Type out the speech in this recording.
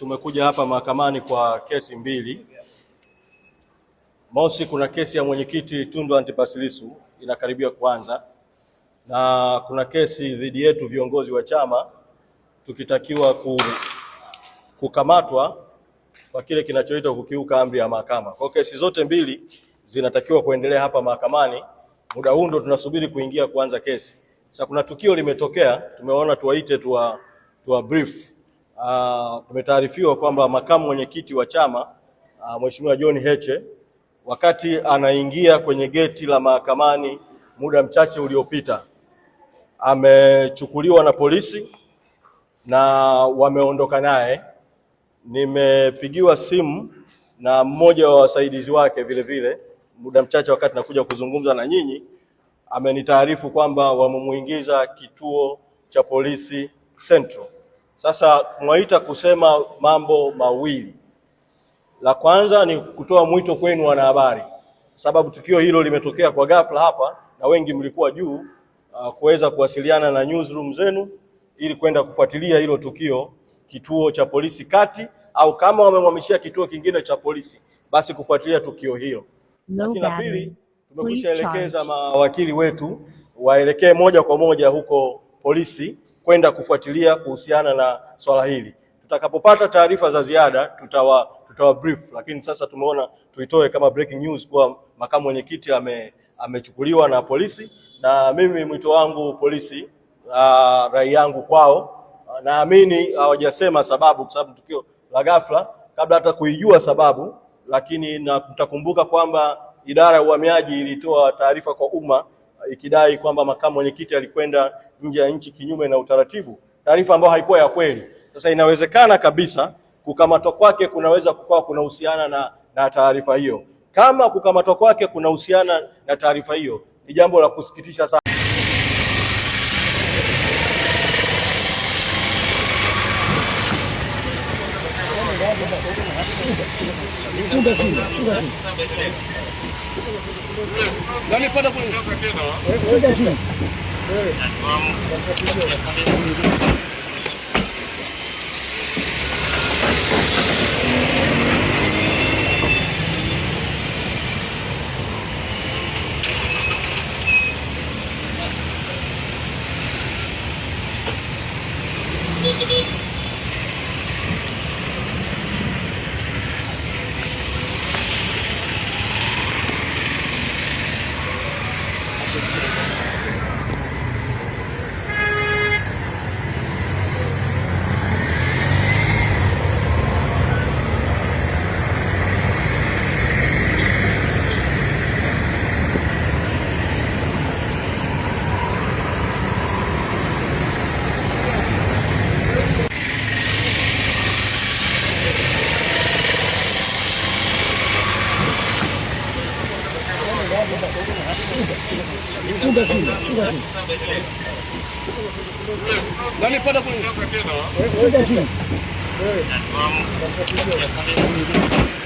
Tumekuja hapa mahakamani kwa kesi mbili. Mosi, kuna kesi ya mwenyekiti Tundu Antipas Lissu inakaribia kuanza, na kuna kesi dhidi yetu viongozi wa chama tukitakiwa ku, kukamatwa kwa kile kinachoitwa kukiuka amri ya mahakama. Kwa kesi zote mbili zinatakiwa kuendelea hapa mahakamani, muda huu ndo tunasubiri kuingia kuanza kesi. Sasa kuna tukio limetokea, tumeona tuwaite tuwa, tuwa brief Ah, tumetaarifiwa uh, kwamba makamu mwenyekiti wa chama uh, Mheshimiwa John Heche wakati anaingia kwenye geti la mahakamani muda mchache uliopita amechukuliwa na polisi na wameondoka naye. Nimepigiwa simu na mmoja wa wasaidizi wake vile vile muda mchache wakati nakuja kuzungumza na nyinyi, amenitaarifu kwamba wamemuingiza kituo cha polisi Central. Sasa tunaita kusema mambo mawili. La kwanza ni kutoa mwito kwenu wanahabari, sababu tukio hilo limetokea kwa ghafla hapa na wengi mlikuwa juu uh, kuweza kuwasiliana na newsroom zenu ili kwenda kufuatilia hilo tukio kituo cha polisi kati, au kama wamemhamishia kituo kingine cha polisi, basi kufuatilia tukio hilo. Lakini la pili, tumekwishaelekeza mawakili wetu waelekee moja kwa moja huko polisi kwenda kufuatilia kuhusiana na swala hili. Tutakapopata taarifa za ziada tutawa, tutawa brief, lakini sasa tumeona tuitoe kama breaking news kuwa makamu mwenyekiti ame, amechukuliwa na polisi, na mimi mwito wangu polisi, uh, rai yangu kwao, uh, naamini hawajasema uh, sababu kwa sababu tukio la ghafla kabla hata kuijua sababu, lakini na kwamba idara ya uhamiaji ilitoa taarifa kwa umma ikidai kwamba makamu mwenyekiti alikwenda nje ya nchi kinyume na utaratibu, taarifa ambayo haikuwa ya kweli. Sasa inawezekana kabisa kukamatwa kwake kunaweza kukawa kunahusiana na, na taarifa hiyo. Kama kukamatwa kwake kunahusiana na taarifa hiyo, ni jambo la kusikitisha sana. Dani, para por aí. c u n g a chunga, c u n g a c h u n a Nani p a d a kule. c u n g a chunga.